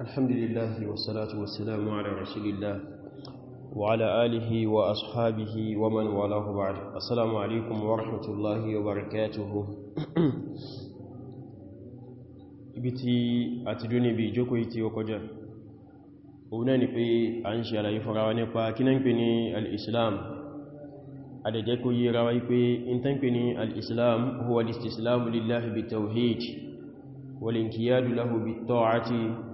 الحمد لله والصلاة والسلام على رسول الله وعلى آله وأصحابه ومن وله بعد السلام عليكم ورحمة الله وبركاته بتي أتدوني بجوكوي تي وكجا ونني في أنشاء الله يفرعوني فاكننكني الإسلام أدجكو يروي في إنتنكني الإسلام هو الاستسلام لله بالتوحيد والانكياد له بالطاعة والانكياد له بالطاعة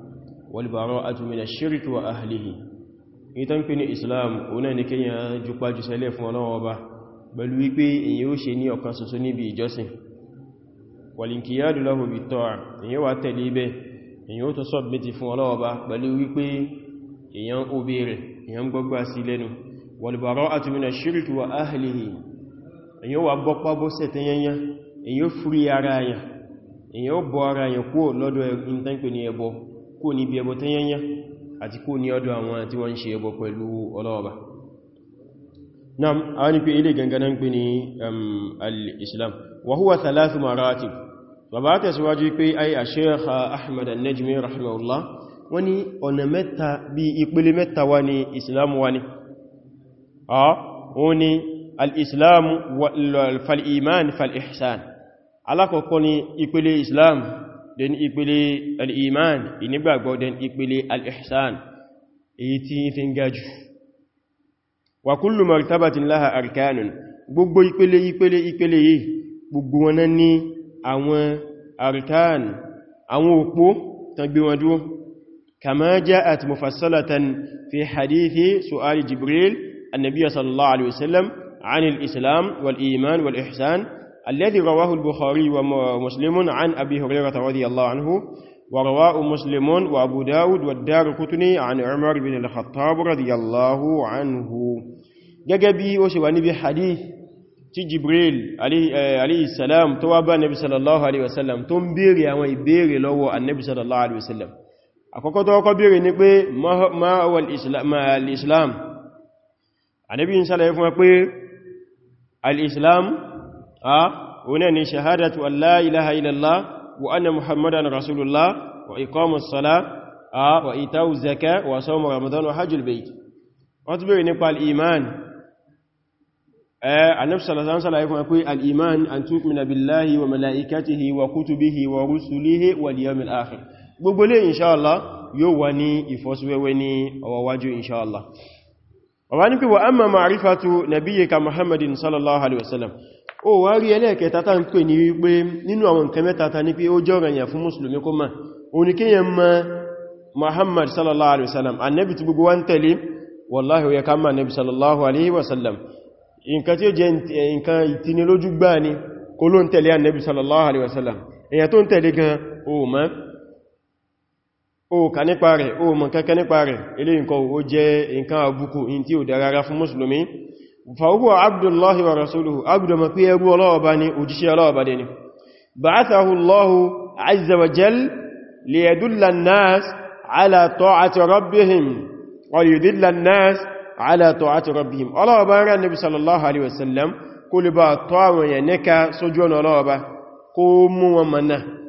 والبراءة من الشرك وأهله ìtàn pé ní islam ọ̀nà ni kíyàn jùpa jù sẹ́lẹ̀ fún ọlọ́wọ́ bá pẹ̀lú wípé èyí ó ṣe ní ọ̀kan ṣoṣo níbi ìjọsìn wàlìkìyàdù lọ́hùn bí tọ́ èyí wà tẹ̀lé ibẹ̀ èyí ó tó sọ́bìtì fún ọlọ́wọ́ bá pẹ̀lú wípé èyàn ó bèèrè èyàn gbọ́gbà sí lẹ́nu والبراءة من الشرك وأهله èyí ó wà bọ́pá bọ́sẹ̀ tẹ́yẹnyẹ èyí ó fúrí ara yẹn èyí ó bọ́ ara yẹn kúrò lọ́dọ̀ ìntánpẹ̀ ní ẹbọ kó níbi ẹbọ tó yẹnyẹ àti kó ní ọdọ̀ àwọn tí wọ́n ń ṣe ẹbọ pẹ̀lú ọlọ́ọ̀bá nam a ní pé ilé ganganan pé ní um, al-islam wa huwa bàbá tẹ̀síwájú pé ay a sheikh ahmad al-najmi rahimahullah wọ́n ní ọ̀nà mẹ́ta bí ìpele mẹ́ta wá ní islam wá ní a wọ́n ní al-islam fal alákọ̀ọ́kọ́ ní ìpele islam den ìpele al'iman ìnigbàgbọ́ den ìpele al'ihsan èyí tí yí fi ń gajù wa kullu martabatin laha arkanun gbogbo ìpele ìpele ìpele yìí gbogbo wọn ní àwọn arkan àwọn òpó tán gbé wọn dúró kama ja'at mufassalatan fi hadithi su'ali jibril annabiya sallallahu alaihi wasallam anil islam wal iman wal ihsan الذي رواه البخاري ومسلم عن أبي هريرة رضي الله عنه ورواه مسلم وأبو داود والدار قطني عن عمر بن الخطاب رضي الله عنه جاجبي وشواني بحديث tí Jibril alayhisalam eh, tó wá bá nabi sallallahu alaihi wasallam tó ń bèèrè àwọn ìbèèrè lọ́wọ́ annabi sallallahu alaihi wasallam àkọ́kọ́ tó kọ́ bèèrè ní pé ma'awal islam annabi sallallahu alaihi wasallam pé al-islam ọ̀nà ni shahadatu an la ilaha illallah wa anna muhammadan rasulullah wa iqamus salah wa itau zaka wa sawm ramadan wa hajjul bayt wọ́n tún bèèrè nípa al'iman anabtsalasán sálàyé fún akwai al'iman an tukmina billahi wa mala'ikatihi wa kutubihi wa rusulihi wa liyamil akhir gbogbo lè inṣáàlá yóò wà ní ìfọ́síwẹ́wẹ́ ní ọwọ́wájú inṣáàlá ọba ní pé wa amma ma'rifatu nabiyyika muhammadin sallallahu alaihi wasallam ó wá rí ẹlẹ́ẹ̀kẹta tá ń pè ní wípé nínú àwọn nǹkan mẹ́ta ta ní pé ó jọ rẹ̀yàn fún mùsùlùmí kó ma oníkéyàn ma muhammad sallallahu alaihi wasallam annabi ti gbogbo wa ń tẹ̀lé wallahi ó yẹ ká ma nabi o kà nípa rẹ̀ o mọ̀ kẹ́kẹ́ nípa rẹ̀ ilé nǹkan o jẹ́ nǹkan àbùkù in tí ó dára fún mùsùlùmí fàúkọ̀ abdullahi wa rasuluhu abdu ma pé ẹrú ọlọ́ọ̀bá ni òjíṣẹ́ ọlọ́ọ̀bá dẹ ni ba'athahu Allahu azza wa jal liyadulla an-nas ala ta'ati rabbihim wa liyudilla an-nas ala ta'ati rabbihim ọlọ́ọ̀bá rán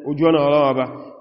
ojú ọ̀nà ọlọ́ọ̀bá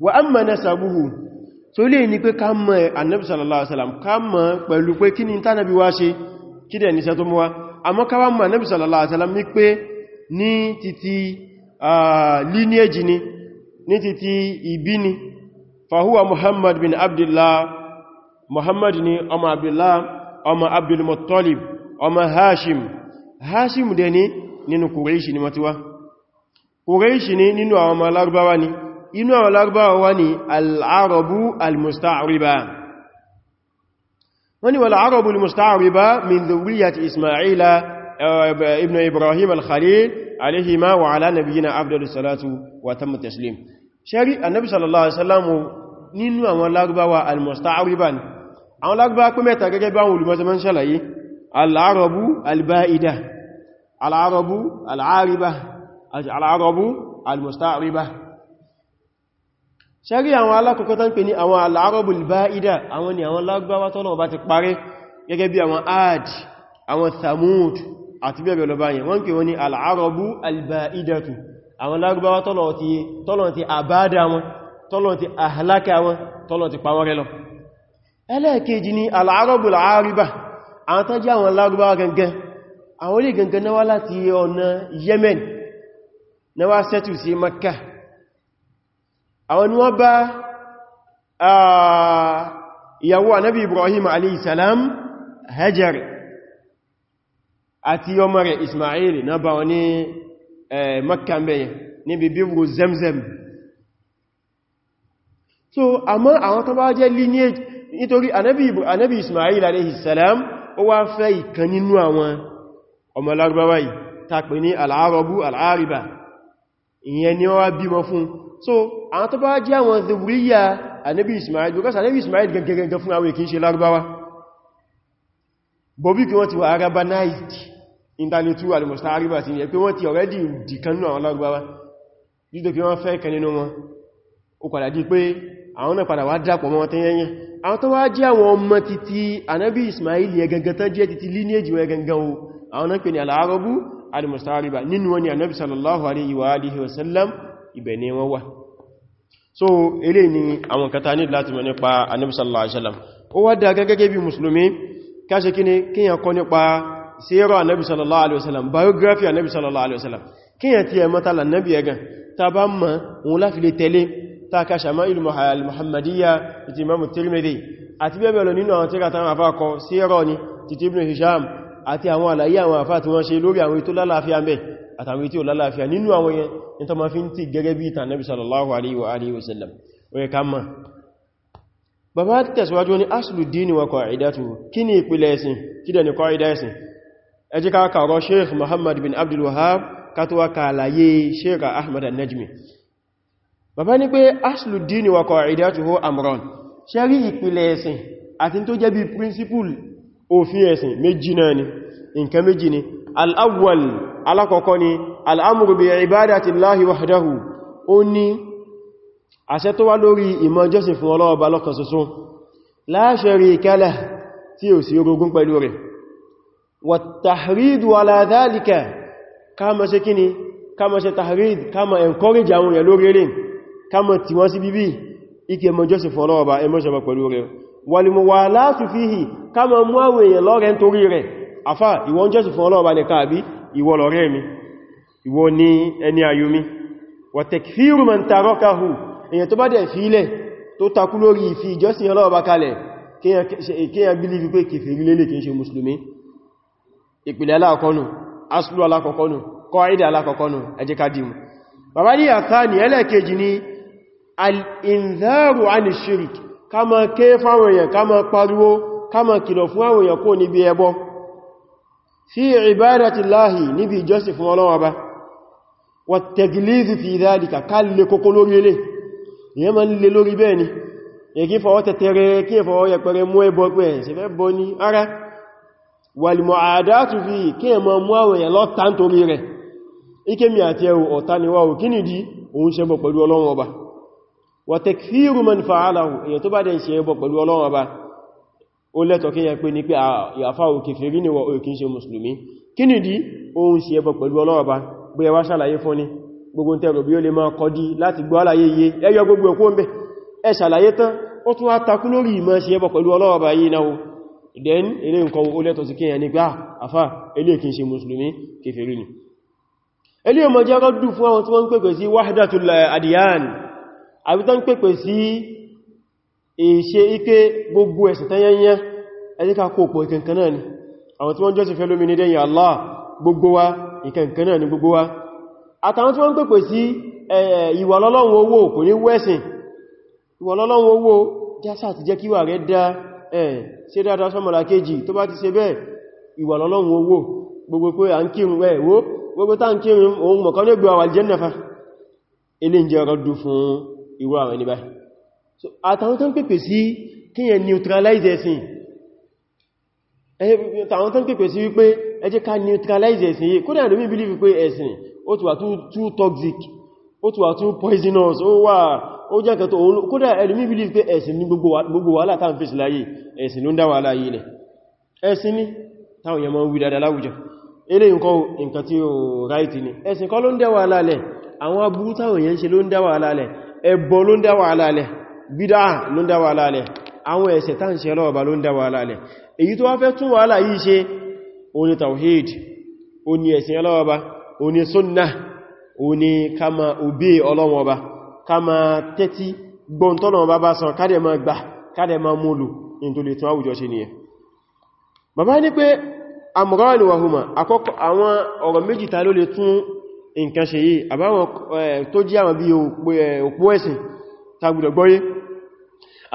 wa amma nasabuhu so le ni pé ká mọ̀ annabi sallallahu alaihi wasallam ká mọ̀ pẹ̀lú pé kíni ta nabi wá ṣe kide ni ṣe tó mú wá àmọ́ ká wá mọ̀ annabi sallallahu alaihi wasallam ní pé ní títí ah lineage ni ní títí ìbí ni fa huwa muhammad bin abdullah muhammad ni ọmọ abdullah ọmọ abdul muttalib ọmọ hashim hashim dẹ̀ ni nínú quraish ni matiwa quraish ni nínú àwọn ọmọ lárúbáwá ni inú àwọn Lárúbáwá wá ní al-arabu al-musta'riba wọ́n ní wal-arabu al-musta'riba min dhurriyyati ismaila eh, ibn ibrahim al-khalil alayhima wa ala nabiyyina afdalu salatu wa tammu taslim shari annabi sallallahu alaihi wasallam nínú àwọn Lárúbáwá al-musta'riba àwọn Lárúbáwá pé mẹ́ta gẹ́gẹ́ bá wọn baida al-arabu al al-arabu ṣẹ́rí àwọn alákọ̀ọ́kọ́ tán pè ní àwọn alárọ́bùl bá ìdá àwọn ni àwọn lágbàwá tọ́nà bá ti parí gẹ́gẹ́ bí àwọn Ad àwọn Thamud àti bẹ́ẹ̀ bẹ́ẹ̀ lọ báyìí wọ́n pè wọ́n ní alárọ́bù alba'idatu àwọn lágbàwá tọ́nà ti àbádá wọn tọ́nà ti àhàlákà wọn tọ́nà ti pàwọ́rẹ́ lọ ẹlẹ́ẹ̀kejì ni alárọ́bùl àríbà àwọn tán jẹ́ àwọn lágbàwá àwọn ni wọ́n bá ìyàwó anábi ibrahim aleyhisalam hajar àti ọmọ rẹ̀ ismail na bá wọn ní makambe níbi bíbru zemzem so àmọ́ àwọn tó bá jẹ́ lineage nítorí anábi ismail aleyhisalam ó wá fẹ́ ìkan nínú àwọn ọmọ Lárúbáwá yìí tàpẹ̀ ní al'arabu al'ariba ìyẹn ni wọ́n bímọ fún so àwọn tó bá jẹ́ àwọn zuriya Ànábì Ismail because Ànábì Ismail gẹ́gẹ́gẹ́ fún àwọn ìkínṣe Lárúbáwá bọ̀bí kí wọ́n ti wà arabanized intanetu alimusta ariba ti yẹ pé wọ́n ti already dìkanú àwọn Lárúbáwá jídò kí wọ́n fẹ́ kan nínú wọn ó padà di pé àwọn náà padà wá dápọ̀ mọ́ tẹ́yẹnyẹ àwọn tó wá jẹ́ àwọn ọmọ titi Ànábì Ismail yẹ gangan tán jẹ́ titi lineage wọn gangan o àwọn náà pè ní al-Arabu al-mustariba nínú wọn ni annabi sallallahu alaihi wa alihi wa sallam ibẹ̀ ni wọ́n so ele ni àwọn kata ní láti mọ̀ nípa annabi sallallahu alaihi wa sallam ó wá da gẹ́gẹ́ bí musulmi káṣe kí ni kíyàn kọ́ nípa síyarọ annabi sallallahu alaihi wa sallam biography annabi sallallahu alaihi wa sallam kíyàn ti ẹmọ́ tààlà annabi ẹgan ta bá mọ̀ òun láfi lè tẹ́lé ta ka shama'il al-muhammadiyya ti imam tirmidhi àti bẹ́ẹ̀ bẹ́ẹ̀ lọ nínú àwọn tíra táwọn afákọ síyarọ ni titi ibn hisham àti àwọn àlàyé àwọn àfá tí wọ́n ṣe lórí àwọn ètò lálàáfíà mẹ́ àtàwọn ètò lálàáfíà nínú àwọn yẹn ní tó ma fi ń tí gẹ́gẹ́ bí ìtàn Nabi sallallahu alaihi wa alihi wasallam oye ká mọ̀ bàbá ti tẹ̀síwájú ní aslu dini wa qa'idatuhu kí ni ìpìlẹ̀ ẹ̀sìn kí dẹ̀ ni qa'ida ẹ̀sìn ẹ jẹ́ ká kàrọ sheikh Muhammad bin Abdul Wahhab ká tó àti tó jẹ́ bí principle òfin ẹ̀sìn méjì náà ni nǹkan méjì ni al'awwal alákọ̀ọ́kọ́ ni al'amuru bi ibadati Allahi wahdahu ó ní àṣẹ tó wá lórí ìmọ̀ jọ́sìn fún ọlọ́ọba lọ́kan ṣoṣo la sharika lah tí ò sí orogún pẹ̀lú rẹ̀ wàtàrídù ala dhalika kama ṣe kíni kama ṣe tahrid kama encourage àwọn èèyàn lórí rẹ̀ kama tí wọ́n sí mú àwọn èèyàn lọ́rẹ̀ nítorí rẹ̀ afá ìwọ́n jẹ́sì fún ọlọ́ọ̀bá ní káàbí ìwọ lọ̀rẹ́ mi ìwọ ni ẹni ayò mi wà tẹ̀kfíru man tarakahu èyàn tó bá dẹ̀ fílẹ̀ tó takú lórí ìfi ìjọsìn ọlọ́ọ̀bá kalẹ̀ kíyàn bílífi pé kèfèrí lélẹ̀ kìí ṣe mùsùlùmí ìpìlẹ̀ alákọ̀ọ́nù aslu alákọ̀ọ́nù kọ́ìdà alákọ̀ọ́nù ẹjẹ́ kádìmù bàbá ní àtàní ẹlẹ́kejì ni al-inzaru shirik ká ma ké fáwọn èèyàn ká ma pariwo ká ma kìlọ̀ fún àwọn kó níbi ẹbọ fi ìbádàtí láhì níbi ìjọsìn fún Ọlọ́run Ọba wà tẹ̀gìlìzì fi ìdádìkà ká lè kókó lórí ilé ìyẹn ma ń lè lórí bẹ́ẹ̀ ni èkí fọwọ́ tẹ̀tẹ̀rẹ kí fọwọ́ yẹpẹrẹ mú ẹbọ pẹ́ ṣe fẹ́ bọ́ ní ara wàlìmọ̀ àdátù fi kí ẹ ma mú àwọn èèyàn lọ́ta ń torí rẹ̀ ike mi àti ẹwù ọ̀ta ni wáwù kí nìdí òun ṣe bọ̀ pẹ̀lú Ọlọ́run Ọba wà tẹ̀kfíru man ó lẹ́tọ̀ kí yẹn pé ní pé ah, àfá òkè fèrí ní wọ òkè ṣe mùsùlùmí kí ni dí ohun sí ẹbọ pẹ̀lú ọlọ́ọ̀bá bí ẹwà ṣàlàyé fún ní gbogbo tẹ́rọ bí ó lè máa kọdí láti gbọ́ àlàyé yé ẹyọ gbogbo ẹkú ń bẹ̀ ẹ ṣàlàyé tán ó tún atakú lórí ìmọ̀ sí ẹbọ pẹ̀lú ọlọ́ọ̀bá yìí náà then ni ilé ah, ọmọ jẹ́ rọ́dù fún àwọn tí wọ́n adiyan àbí tán pèpè ìṣe ike gbogbo ẹ̀sìn tanyanya ẹjíká kó pọ̀ ìkankan náà ni àwọn tí wọ́n jọ́sìn fẹ́ lómi ní dẹ́yìn Allah gbogbo wa ìkankan náà ni gbogbo wa àtàwọn tí wọ́n pèpè sí ìwà lọ́lọ́run owó kò ní wẹ́sìn ìwà lọ́lọ́run owó jásà ti jẹ́ kíwà rẹ̀ dá ṣe dáadáa sọ́mọ̀lá kejì tó bá ti ṣe bẹ́ẹ̀ ìwà lọ́lọ́run owó gbogbo pé à ń kírun àtàwọn tó ń pèpè sí kíyàn neutralize ẹ̀sìn àwọn ń pèpè sí wípé ẹ ká neutralize ẹ̀sìn yìí kódà lómi believe pé ẹ̀sìn ó ti wà too toxic ó ti wà too poisonous ó wà ó jẹ́ kẹtọ̀ kódà ẹlùmí believe pé ẹ̀sìn ní gbogbo wàhálà táwọn fèsì láyé ẹ̀sìn ló ń dá wàhálà yìí lẹ̀ ẹ̀sìn ní táwọn yẹmọ ni ẹ̀sìn kọ́ ló ń dá wàhálà lẹ̀ àwọn aburú táwọn yẹn ṣe ló ń dá bídá ló ń dá wa lálẹ̀ àwọn ẹ̀ṣẹ̀ tán ṣe lọ́ọ̀bá ló ń dá wa lálẹ̀ èyí tó wá fẹ́ tún wàhálà yìí ṣe oní tawhid oní ẹ̀sìn ọlọ́ọ̀bá oní súnnà oní kama obé ọlọ́wọ́ba kama tẹ́tí gbọ́ntọ́lọ́wọ́ba bá sọ kádẹ̀ ma gbà kádẹ̀ ma múlù in tó lè tún àwùjọ ṣe nìyẹn bàbá ní pé amurani wahuma àkọ́kọ́ àwọn ọ̀rọ̀ méjì ta ló lè tún nǹkan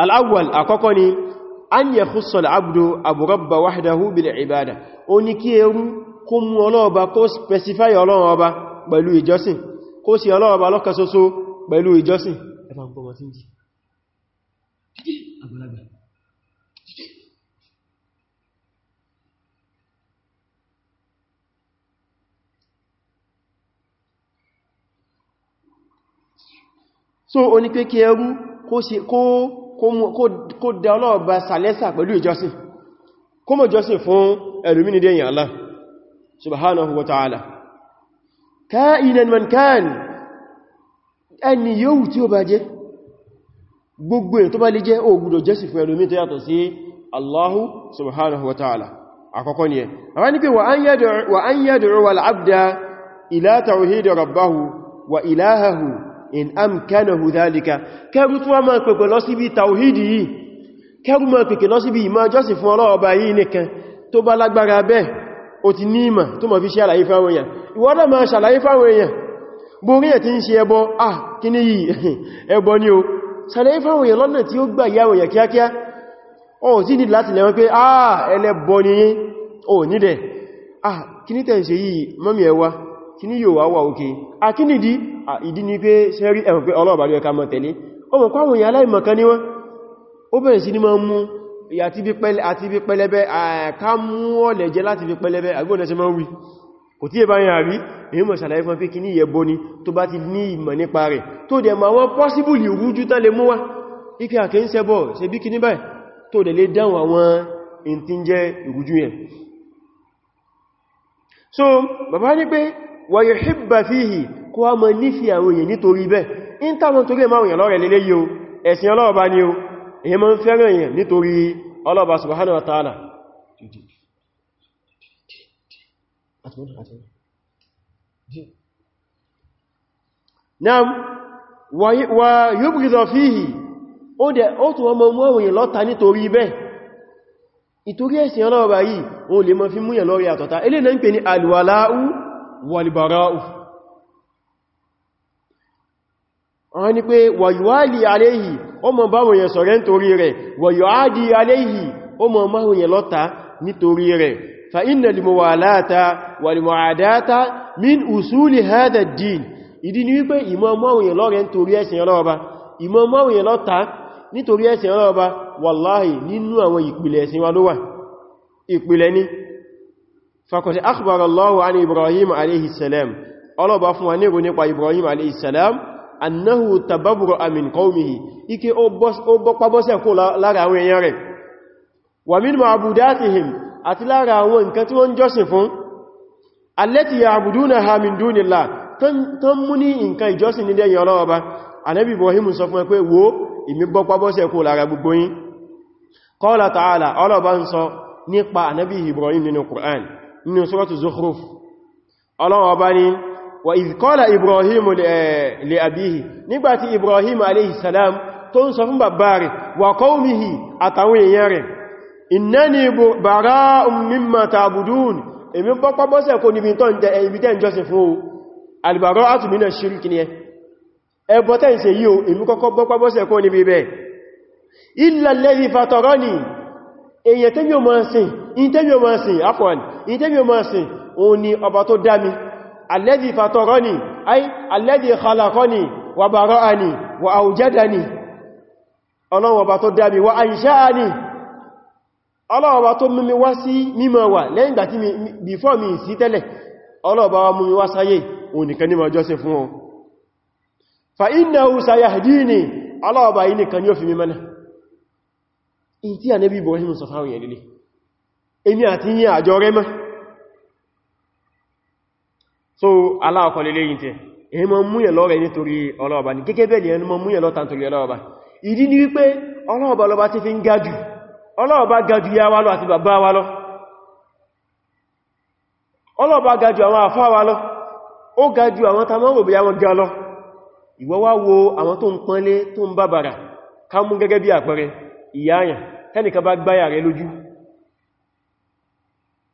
al'awwal àkọ́kọ́ ni an yẹ kúsọ̀lá abdu aburabba wahdahu bil ibada ó ní kí ẹrú kó mú ọlọ́ọba kó specify ọlọ́ọba pẹ̀lú ìjọsìn kó sì ọlọ́ọba lọ́kan ṣoṣo pẹ̀lú ìjọsìn kó kó dá ọlọ́ọ̀bá sàlẹ́sà pẹ̀lú ìjọsìn kó mọ̀ jọsìn fún ẹlòmínì dẹ̀yìn Allah subhanahu wa ta'ala ka'inan man kan ẹni yóò tí ó bá jẹ́ gbogbo ẹ̀ tó bá lè jẹ́ ó gbọ́dọ̀ jọsìn fún ẹlòmínì tó yàtọ̀ sí Allahu subhanahu wa ta'ala àkọ́kọ́ in amkanahu dhalika kẹrù tó wá máa pẹ̀pẹ̀ lọ síbi tàwídì yìí kẹrù máa pẹ̀pẹ̀ lọ síbi ìmá jọ́sìn fún ọlọ́ọ̀bá yìí nìkan tó bá lágbára bẹ́ẹ̀ o ti ní ìmà tó mọ̀ fi ṣe àlàyé fáwọn èèyàn ìwọ náà máa ah kí ní yìí o ṣàlàyé fáwọn èèyàn lọ́nà tí ó gbà yáwọn èèyàn kíákíá o sí ní ah ẹlẹ́bọ ni yí o ah kí ní tẹ̀ ń ṣe kí ní yóò wá òkè akínìdí ìdí ni pé sẹ́rí ẹ̀rùn pé ọlọ́ọ̀bà lóẹ̀ká mọ̀ tẹ̀lé ọmọ pàwọn èèyàn aláìmọ̀kan ní wọ́n ó bẹ̀rẹ̀ sí ní máa mú àti bí pẹlẹbẹ àká mú ọ̀lẹ̀ jẹ láti bí pẹlẹbẹ agbóhùnẹ́ sí máa wí kò tí ẹbá yàn ni tó bá ti ní ìmọ̀ nípa rẹ̀ tó dẹ̀ ma wọ́n pọ́síbùlì rújú tán lè mú wá ike àkẹ́ ń sẹ́bọ̀ ṣe bí so bàbá ní pé wa yuhibba fihi kó wá mọ́ nífì àwọn èèyàn nítorí bẹ́ẹ̀ in táwọn torí ẹmọ́ èèyàn lọ́rẹ̀ lélé yíó ẹ̀sìn ọlọ́ọ̀bá ni ó èyàn mọ́ ń fẹ́ràn èèyàn nítorí ọlọ́ọ̀bá ọmọ ìtorí ẹ̀sìn ọlọ́ọ̀bá yìí o lè mọ́ fi múyàn àtọ̀ta náà ń pè ní wal-bara'u wọ́n ni pé wàyíwáàlì aléhì ó mọ̀ báwọn yẹn sọ̀rẹ́ nítorí rẹ̀ wàyíwáàdì aléhì ó mọ̀ yẹn lọ́ta nítorí rẹ̀ fa inna al-muwalata wal-mu'adata min usuli din ìdí ni wípé ìmọ̀ yẹn فقد أخبر الله عن إبراهيم عليه السلام الله بافو عن نيبا إبراهيم عليه السلام أنه تببرأ من قومه إكي أبقى بسي كو لارا وين يارك ومن معبوداتهم أتلارا وين كتوان جوسفون التي يعبدونها من دون الله تنمني إن كان جوسن ندي يرابا النبي إبراهيم صفوان كوي wo imi gbọ́pá bọ́sẹ̀ kó lára gbogbo yín qala ta'ala ọlọ́bá ń sọ nípa ànábì Ibrahim nínú Qur'an nínú suratu Zukhruf Ọlọ́run Ọba ní wa idh qala Ibrahim eh, li abihi nígbàtí Ibrahim alayhi salam tó ń sọ fún bàbá rẹ̀ wa qawmihi àtàwọn èèyàn rẹ̀ innani bara'un mimma ta'budun èmi bọ́pọ̀ bọ́sẹ̀ kò níbi tó ń jẹ ẹ̀yìn tẹ́ jọ́sìn fún o al ni ẹbọ́ tẹ́ mọ́ sin ìtẹ́bí ọmọ ẹ̀sìn afwan ìtẹ́bí ọmọ ẹ̀sìn òun ni ọba tó dá mi alladhi fatarani ay alladhi khalaqani wa bara'ani wa awjadani ọlọ́run ọba tó dá mi wa ansha'ani ọlọ́run ọba tó mú mi wá sí mímọ̀ wà lẹ́yìn ìgbà tí before mi sí tẹ́lẹ̀ ọlọ́run ọba wa mú mi wá sáyé òun nìkan ni ni ó fi èmi àti yí àjọ rẹ́mọ́ so aláàkọ́ lè léyìn tẹ́ èyí mọ́ múyẹ̀ lọ́rẹ̀ nítorí ọlọ́ọ̀bá ní kéké bẹ̀lẹ̀ ẹni mọ́ múyẹ̀ lọ́ta nítorí ọlọ́ọ̀bá ìdí ni wípé ọlọ́ọ̀bá lọba ti fi ń gájù ọlọ́ọ̀bá gájù ya wálọ àti bàbá wálọ ọlọ́ọ̀bá gájù àwọn àfá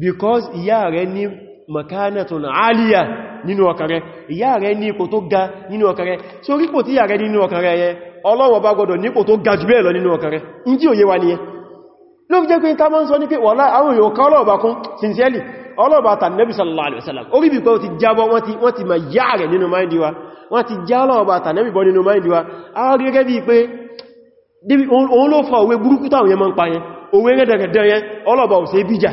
because ìyá rẹ̀ ní makanatun aliyah nínú ọkàn rẹ̀ ìyá rẹ̀ ní ipò tó ga nínú ọkàn rẹ̀ so rípò tí ìyá rẹ̀ nínú ọkàn rẹ̀ yẹ Ọlọ́run bá gbọdọ̀ nípò tó ga jù bẹ́ẹ̀ lọ nínú ọkàn rẹ̀ ní tí òye wa ni ẹ ló sincerely ọlọ́ọ̀bá ta nẹ́bí sallallahu alaihi wasallam orí bí pé ó ti jábọ́ wọ́n ti ma yá rẹ̀ nínú máìdí wa wọ́n ti já ọlọ́ọ̀bá ta nẹ́bí bọ́ nínú máìdí wa a òwe rẹ̀dẹ̀rẹ̀dẹ̀ yẹn ọlọ́ọ̀bá ò bíjà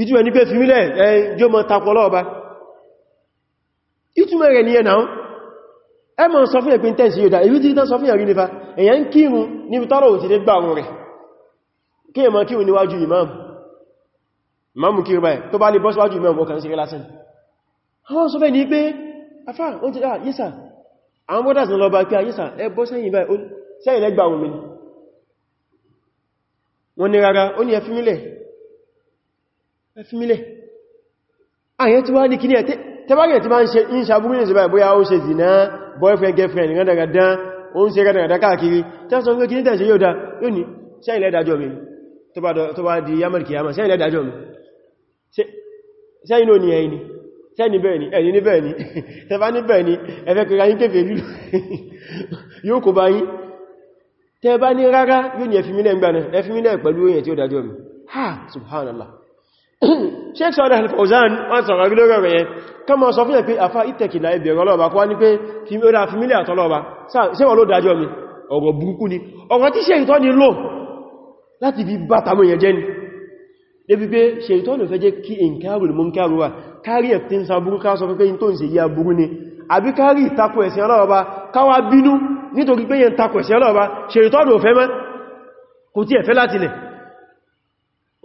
ìtumẹ̀ ní pé fìmílẹ̀ ẹjọ́ mọ́ tapọ̀lọ́ ọba ìtumẹ̀ rẹ̀ ní ẹ̀nà ẹ mọ́ sọ fún ẹ̀pín tẹ́ǹsì yóò dá èyí tí tán sọ fún ẹ̀rí nífà èyàn ń kírun ní tọ́rọ òtí imam imam kírun báyìí tó bá lè imam ọkàn sí lásán àwọn sọ bẹ́ ní pé afá ó ti dáa yísà àwọn brothers ní lọ bá kí ni rárá ó ní ẹ mílẹ̀ ẹfimilẹ̀ àyẹ́ ah, tí wá ní kí ní ẹ̀ tẹ́bàgẹ̀ tí máa ń ṣe ìṣàbúrú ní ìṣẹ́bàá bóyá ó ṣe zìná boyfriend girlfriend rẹ̀dàgàdán ó ń ṣe rẹ̀dàgàdá káàkiri tẹ́sàn pé kí ní tẹ́ṣe yóò dá yóò ní sẹ́yìnlẹ̀ dájọ́ mi tó bá di yamarki yamar sẹ́yìnlẹ̀ dájọ́ mi sẹ́yìn ò ní ẹni sẹ́yìn bẹ́ẹ̀ ni ẹni ní bẹ́ẹ̀ ni tẹ́fà ní bẹ́ẹ̀ ni ẹfẹ́ kìra yín kéfèé lú yóò kò bá yín tẹ́ bá ní rárá yóò ní ẹfimilẹ̀ ń gbà náà ẹfimilẹ̀ pẹ̀lú èyàn tí ó dájọ́ mi ha subhanallah sheikh sọ́dá al-Fawzan wọ́n sọ̀rọ̀ rí lórí ọ̀rẹ̀ yẹn kọ́ mọ́ sọ fún ẹ̀ pé afá ìtẹ̀kìlá ìbẹ̀rẹ̀ ọlọ́ọ̀bá kọ́ ní pé orí àfimílẹ̀ àtọ́lọ́ọ̀bá ṣe wọ́n ló dájọ́ mi ọ̀rọ̀ burúkú ni ọ̀rọ̀ tí ṣe ìtọ́ ni lò láti fi bá tàmù yẹn jẹ́ ni débi pé ṣe ìtọ́ ni fẹ́ jẹ́ kí ìǹkárù ni mú ń kárù wà kárí ẹ̀ tí ń sa burúkú sọ pé tó ń ṣe yí aburú ni àbí kárí ìtakò ẹ̀sìn ọlọ́ọ̀bá káwà bínú nítorí pé yẹn takò ẹ̀sìn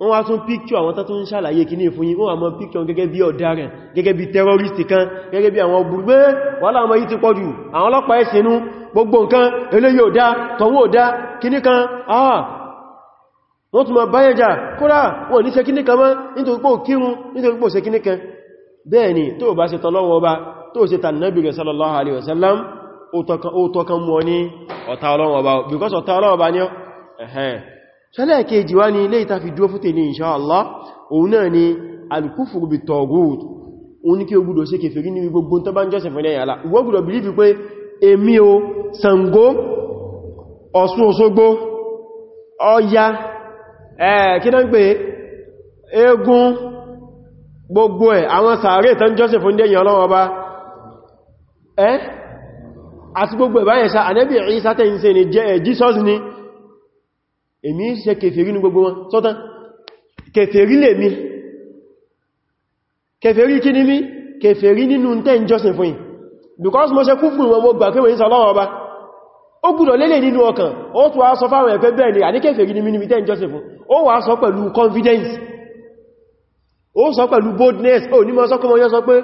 wọ́n wá tún píkṣọ àwọn tó tún ṣàlàyé kì ní fún yín wọ́n àmọ́ píkṣọ gẹ́gẹ́ bí ọ̀daràn gẹ́gẹ́ bí tẹ́rọrìsì kan gẹ́gẹ́ bí àwọn burúgbé wà láàmọ́ yí ti pọ̀jù àwọn ọlọ́pàá ẹ̀ṣẹ̀nú gbogbo nǹkan eléyìí ò ah wọ́n tún ma báyẹjà kódà wọ́n ní ṣe kíní kan mọ́ nítorí pò kírun nítorí pò ṣe kíní kan bẹ́ẹ̀ ni tó bá ṣe tọ́lọ́wọ́ wasallam ó tọ́kan mọ́ ní ọ̀tá because ọ̀tá ọlọ́wọ́ ọba ṣẹlẹ́ẹ̀kejì wá ní ilé ìtafi dúró fún tèlé insha òun náà ni alkufur bi tọ̀gùt o ní kí o gbọ́dọ̀ ṣe kèfèrí ní gbogbo tó bá ń jọ́sẹ̀ fún ẹ̀yà ìwọ gbọ́dọ̀ believe pé èmi o Ṣàngó Ọ̀ṣun Òṣogbo Ọya kí náà ń pè eégún gbogbo ẹ̀ àwọn ni Jesus ni èmi ṣe kèfèrí ní gbogbo wọn sọ́tán kèfèrí lè mi kèfèrí kí ní mi kèfèrí nínú tẹ́ ìjọsìn fún yìí because mo ṣe kú fún wọn mo gbà pé wọ́n ìsọ lọ́wọ́ ọba ó gbùdọ̀ lélẹ̀ nínú ọkàn ó tún wá sọ fáwọn ẹ̀pẹ́ bẹ́ẹ̀ ni àní kèfèrí ní mi níbi tẹ́ ìjọsìn fún ó wá sọ pẹ̀lú confidence ó sọ pẹ̀lú boldness ó ní mọ́ sọ́kọ́ mọ́ yọ́ sọ pé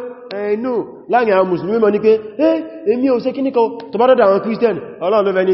ẹnu láàrin àwọn mùsùlùmí mọ́ ní pé eh èmi ò ṣe kíníkan tó bá dọ́dọ̀ àwọn christian ọlọ́run ló fẹ́ ni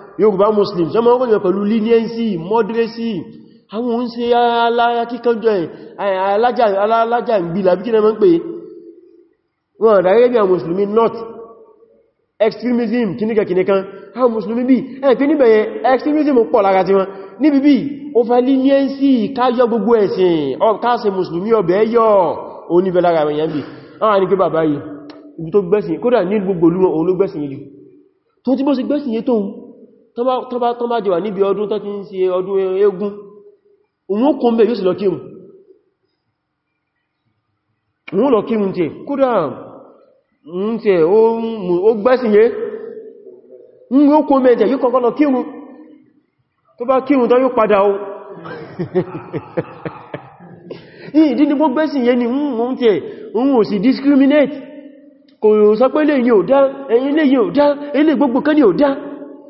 Yorùbá Muslim ṣe mọ́ ròyìn pẹ̀lú leniency moderacy àwọn òun ṣe alára kíkanjọ alájà ìgbìlà bí kí náà mọ́ pé wọ́n àdáyé bí àwọn Mùsùlùmí not, extremism kìníkàkìníkan àwọn Mùsùlùmí bí ẹ̀ pé níbẹ̀ yẹn extremism pọ̀ lára ti wọn níbi bí overleniency káyọ gbogbo ẹ̀sìn káàsẹ̀ Mùsùlùmí ọbẹ̀ yọ oníbẹ̀ lára àwọn èèyàn bí àwọn àníkẹ́ bàbá yìí ibi tó gbẹ́sìn kódà ní gbogbo olúwọ̀n tó bá jẹwà níbi ọdún tó ti ń ṣe ọdún eégún òun kò mẹ́ yóò sì lọ kírun òun lọ kírun tẹ kódà ń tẹ ó gbẹ́sìnyé ń yóò lọ tó bá padà o ìdí ní gbẹ́sìnyé ni ń ni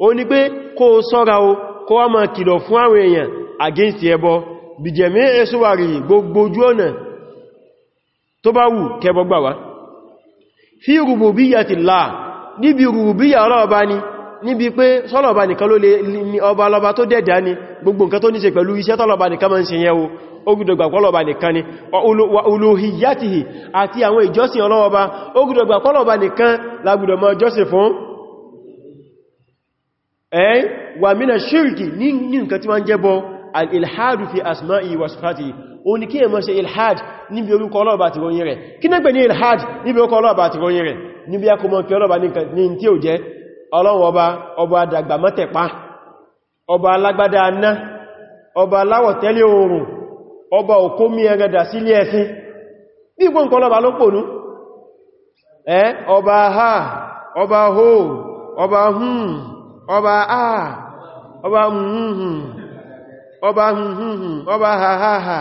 ó ní pé kó sọ́ra o kó wá máa kìlọ̀ fún àwọn èèyàn against ẹbọ bìjẹ̀mí ẹsùwàrí gbogbo ojú ọ̀nà tó bá wù kẹbọ gbà wá fi rububiyatillah níbi rububiyya ọlọ́ọ̀bá ni níbi pé sọ́lọ̀ọ̀bá nìkan ló lè ní ọba lọba ni gbogbo nìkan o ni eh wa mina shirki ní nǹkan tí wọ́n jẹ́ bọ ilhadu fi asma'i wa sifati ó ní kí ẹ e má ilhad níbi orúkọ ọlọ́ọ̀bá àti ròyìn rẹ̀ kí ní ilhad níbi orúkọ ọlọ́ọ̀bá àti ròyìn rẹ̀ níbi akọmọ ọlọ́ọ̀bá ní ọba ọba ọba alagbada ọba ọba aaa ọba hùhùn ọba hùhùn ọba hahaha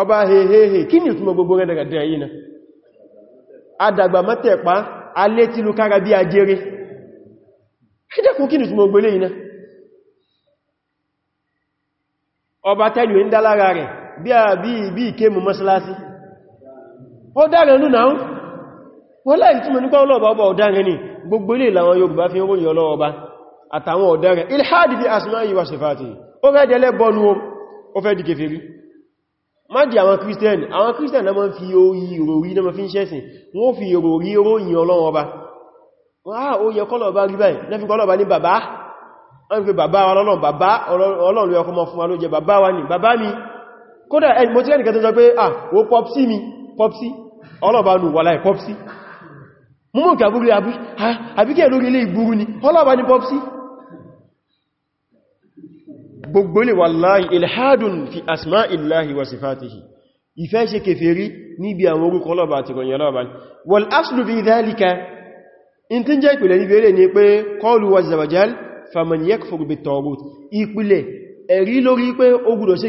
ọba hehehe kí ni ìtumọ̀ gbogbo rẹ̀ dẹ̀rẹ̀ yìí na. adàgbà mọ́tẹ̀pá alé tí ló kára bí ajere ẹjẹ́kùn kí ni ìtumọ̀ gbogbo ọba tẹ́lù ń rẹ̀ bí a ike mú mọ́sálásí ó dáre nù náà wọ́n láì túnmọ̀ nípa ọlọ́ọ̀bá ọba ni gbogbo ilé ìlàwọn Yorùbá fi ń ròyìn Ọlọ́run Ọba àtàwọn ọ̀daràn ilhadi fi asma'i wa sifati ó fẹ́ dẹ̀lẹ́ bọ́nu ó fẹ́ di kèfèrí má di àwọn kírísítẹ̀nì àwọn kírísítẹ̀nì na ma fi orí ìròrí na ma fi ń ṣẹ́sìn wọ́n fi ìròrí ròyìn Ọlọ́run Ọba ó yẹ kọ́lọ̀ bá rí báyìí lẹ́fi kọ́lọ̀ bá ní bàbá wọ́n fi bàbá Ọlọ́run bàbá Ọlọ́run lóyọ kọmọ fún wa mi kódà ẹni mo ti rẹ̀ nìkan tó ah wo popsi mi popsi Ọlọ́run bá nù wà láì popsi múmọ̀ kí àbúrí àbíkẹ́ lórí ilé ìgbúrú ni ọlọ́bà ní pọ́psí gbogbo lè wàláhì ilhadun fi asmá ìláhì wa sifatihi ìfẹ́ ṣe kèfèrí níbi àwọn orúkọ ọlọ́bà àti ìròyìn ọlọ́bà wal aslu fi dhalika in tí jẹ́ ìpìlẹ̀ níbẹ̀rẹ̀ ni pé qalu wazawajal faman yakfur bi taghut ìpìlẹ̀ ẹ̀rí lórí pé ó gbọ́dọ̀ ṣe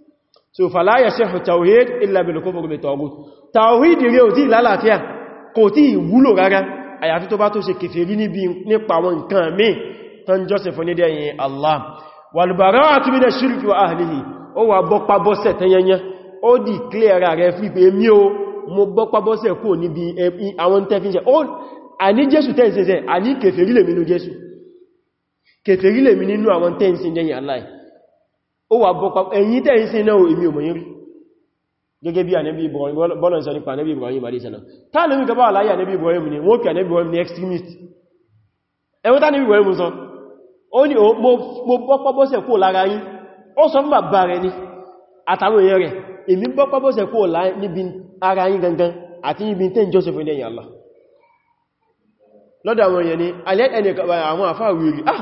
so fala yasihu tawhid illa bil kufr bi taghut tawhid rẹ̀ ò tí lálàáfíà kò tí wúlò rárá àyàfi tó bá tó ṣe kèfèrí ní bí nípa wọn nǹkan mi tan joseph ní de yin allah wal bara'atu min ash-shirki wa ahlihi ó wá bo pa bo se tanyanya ó declare rẹ̀ fi pé mi ó wà bọ́pàá ẹ̀yìn tẹ́yìn sí náà èmi ò mọ̀yìn rí gẹ́gẹ́ bí ànẹ́bí Ibrahim bọ́lọ̀n sọ nípa ànẹ́bí Ibrahim alẹ́sẹ̀nà tààlù mi gaba aláyà ànẹ́bí Ibrahim ni ni extremist ẹwọ́n tààlù Ibrahim sọ ó ní mo bọ́pàbọ́sẹ̀ kó lára yín ó sọ fún bàbá rẹ̀ ni àtàwọn èèyàn rẹ̀ èmi bọ́pàbọ́sẹ̀ kó níbi ara yín gangan àti níbi tẹ́ Joseph ní ẹ̀yìn Allah lọ́dọ̀ àwọn èèyàn ni alẹ́ ẹni àwọn àfáà wèrè ah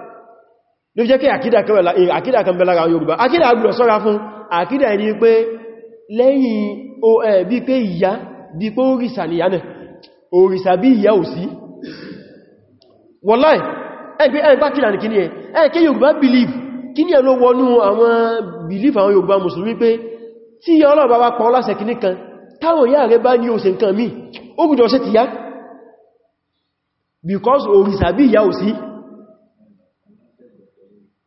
ló jẹ́ kí àkídà kan eh, bẹ̀lára Yorùbá àkídà agbùrọ̀ sọ́ra fún àkídà ẹni pé lẹ́yìn oẹ̀ eh, bí pé ìyá bí pé òrìṣà ni yánẹ̀ òrìṣà bí ìyá ò sí wọ́láì ẹgbẹ́ ẹgbẹ́ kílà ní kíní believe kíní ẹ ló believe àwọn Yorùbá Mùsùlùmí pé tí ìyá ọlọ́ọ̀bá wá pa ọlásẹ̀ kíní kan táwọn ìyá rẹ bá ní ó because òrìṣà bí ìyá ò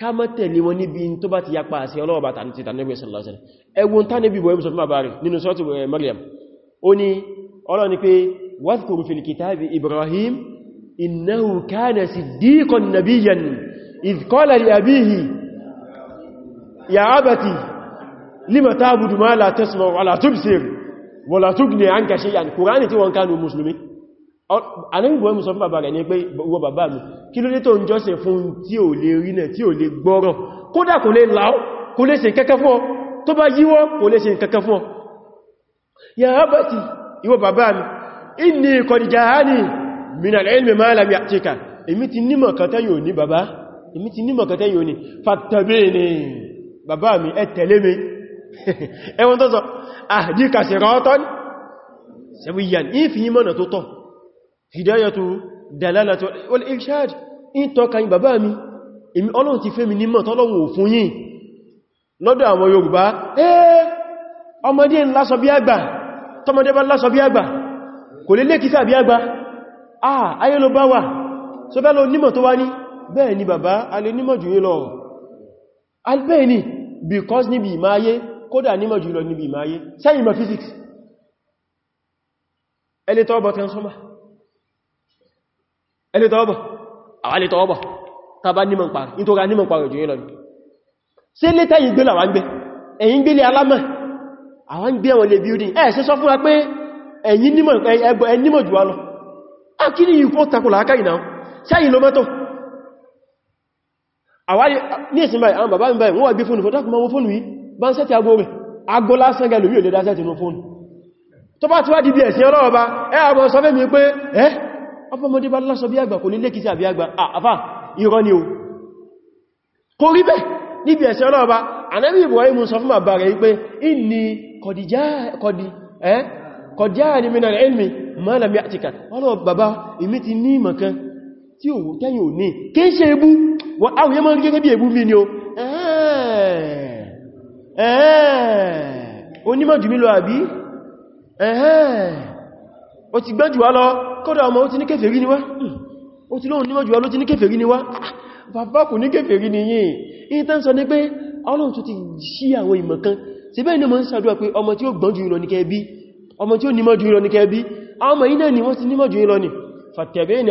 ká má tẹ̀lé wọn níbi tó bá ti yapa àṣẹ Ọlọ́run bá tàbí tàbí sallallahu alaihi wasallam ẹgbùn tàbí bíbọ̀ ẹbùsọ̀ fún àbárí nínú sọ́tù Maryam ó ní Ọlọ́run ní pé wadhkur fil kitabi Ibrahim innahu kana siddiqan nabiyyan idh qala li abihi ya abati lima ta'budu ma la anúgbò ẹmù sọ fún bàbá rẹ̀ ní pé wọ bàbá mi kí ló dé tó ń jọ́sìn fún tí ò lè rí náà tí ò lè gbọ́rọ̀ kódà kò lè láó kò lè ṣe kẹ́kẹ́ fún ọ tó bá yíwọ́ kò lè ṣe kẹ́kẹ́ fún ọ ya abati mi inni qad ja'ani min al-ilmi ma lam ya'tika èmi ti nímọ̀ kan tẹ́yìn òní bàbá èmi ti mi ẹ tẹ̀lé mi ẹwọ́n tó sọ ahdika siratan sawiyan ìfìyí mọ́nà tó tọ́ hidayatu dalalatu wal irshad in to kan bàbá mi èmi Ọlọ́hun ti fẹ́ mi ní mọ̀ t'Ọlọ́hun ò fún yín lọ́dọ̀ àwọn Yorùbá eh ọmọdé ńlá sọ bí àgbà tọ́mọdé bá ńlá sọ bí àgbà kò lè lè kíkà bí àgbà ah aye ló bá wà so bẹ́ẹ̀ ló nímọ̀ tó wá ní bẹ́ẹ̀ ni bàbá a lè nímọ̀ jù yín lọ albẹ́ẹ̀ ni because níbi ìmáyé kódà nímọ̀ jù lọ níbi ìmáyé sẹ́yìn mọ̀ physics ẹlẹ́tọ́ ọbọ̀ kan sọ́mà ẹni tọ́ọ̀bọ̀ àwálé tọ́ọ̀bọ̀ tàbá nímọ̀ pàrẹ̀ nítorá nímọ̀ pàrẹ̀ jù yínlọ sí létà yìí gbé làwọn gbé ẹ̀yìn gbélé alámà àwọn gbé wọn lè building ẹ̀ sí sọ fún wa pé ẹ̀yìn nímọ̀ jù wá lọ akíní yìí kó takùlà aká ìná sẹ́yìn ló mẹ́tọ̀ ní ìsinmi àwọn bàbá mi wá ẹ̀sìn ọlọ́ọ̀bá ẹ́ mi pé ẹ́ ọpọmọdé bá lásọ bí àgbà kò ní lẹ́kìtì àbí àgbà àfà irọ́ ni o kò rí bẹ́ níbi ẹ̀sẹ̀ ọlọ́ọ̀bá anábí Ibrahim sọ fún bàbá rẹ̀ wípé inni kọdíyà ni minal ilmi ma lam ya'tika ọlọ́ bàbá ìmí ti ní ìmọ̀kan tí ò tẹ́yìn ò ní kí ṣe ebú wọ́n áwùyẹ́ mọ́ gẹ́gẹ́ bí ẹ̀ẹ́ onímọ̀ àbí ẹ̀ẹ́ ó ti gbẹ́jù wá lọ kọ́dọ̀ ọmọ ó ti ní kèfèrí níwá ó ti lóhun níwájú wá ló ti ní kèfèrí níwá bàbá kò ní kèfèrí ní yìí in tán sọ ní pé ọlọ́run tó ti ṣí àwọn ìmọ̀ kan sí bẹ́ẹ̀ ni mo ń ṣàdúrà pé ọmọ tí ó gbọ́n jù lọ ní kẹ́ẹ̀bí ọmọ tí ó nímọ̀ jù lọ ní kẹ́ẹ̀bí ọmọ iná ni wọ́n ti nímọ̀ jù lọ ní fattabi'ni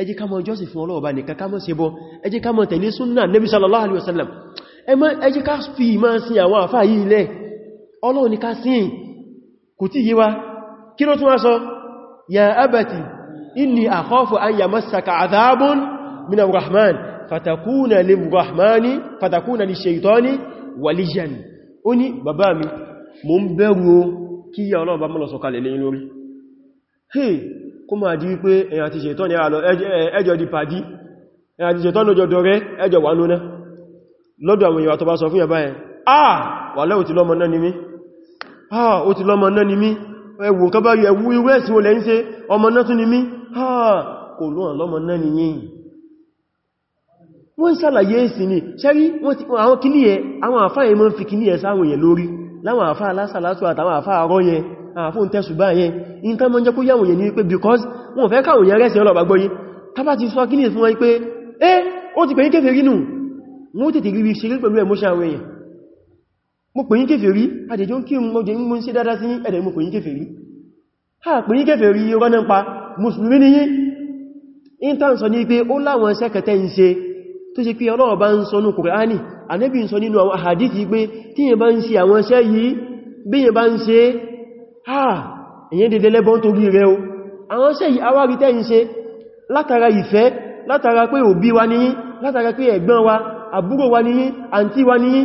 ẹ jẹ́ ká mọ́ jọ́sì fún Ọlọ́run Ọba nìkan ká mọ́ ṣẹbọ ẹ jẹ́ ká mọ́ tẹ̀lé súnnà Nabi sallallahu alaihi wasallam ẹ jẹ́ ká fi ìmá sí àwọn àfáà yìí ilẹ̀ Ọlọ́run ni ká sìn kò tí yíwá kí ló tún wá sọ ya abati inni akhafu an lẹ́yìn lórí hey kó máa di wípé ẹ̀yà ti ṣètọ́ ní àlọ ẹjọ́ di pàdí ẹ̀yà ti ṣètọ́ lójọ dọ̀rẹ́ ẹjọ́ wà lóná lọ́dọ̀ àwọn èèyàn tó sọ fún yàbá ẹ̀ ah wà lẹ́ ó ti lọ́mọ náà ni mí ah ó ti lọ́mọ náà ni mí ẹwù kan bá ẹwù irú ẹ̀sìn ah kò lóhàn lọ́mọ ni yìí wọ́n ṣàlàyé èsì ni ṣẹ́rí àwọn kìníyẹ àwọn àfáà yẹn mọ́ fi kìníyẹ sáwọn èèyàn lórí láwọn Ah, fún tẹ́sùbá yẹn in tán mọ́ jẹ́ kó yàwó yẹn ní wípé because wọ́n fẹ́ káwọn yẹn rẹ́sìn ọlọ́bà gbọ́yí tàbá ti sọ kíní fún wọn pé ẹ́ ó ti pẹ̀yìn kéfèrí nù wọ́n tètè rí ṣe rí pẹ̀lú emotion àwọn èèyàn mo pẹ̀yìn kéfèrí àdèjọ́ kí mo jẹ́ mú sí dáadáa sí ẹ̀dẹ̀ mo pẹ̀yìn kéfèrí ha pẹ̀yìn kéfèrí rọ́nà pa mùsùlùmí ni yí in tán sọ ní pé ó láwọn sẹ́kẹ̀tẹ́ ń ṣe tó ṣe pé ọlọ́ọ̀bá ń sọ ní kùránì ànẹ́bì ń sọ nínú àwọn àhàdìtì pé tíyẹn bá ń ṣe àwọn iṣẹ́ yìí bí yẹn bá ń ṣe èyàn ah, dédé lẹ́bọ́n tó rí rẹ o àwọn ṣe àwárí tẹ́yìn ṣe látara ìfẹ́ látara pé òbí wa níyí látara pé ẹ̀gbọ́n wa àbúrò wa níyí àǹtí wa níyí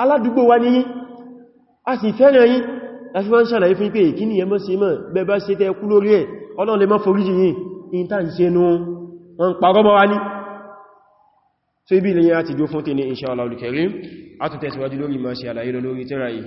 aládùúgbò wa níyí a sì fẹ́ràn yín láti wọ́n ni ẹmọ́ sí mọ̀ bẹba ṣe tẹ́ kú lórí ẹ̀ Ọlọ́run lè má foríjì yín in tá ń ṣe nú wọn parọ́ mọ́ wa ní so ibi ilẹ̀ yẹn ti dó fún tẹ́ ní inṣáàlá olùkẹrí a tún tẹ̀síwájú lórí ma ṣe àlàyé lórí tẹ́ra yìí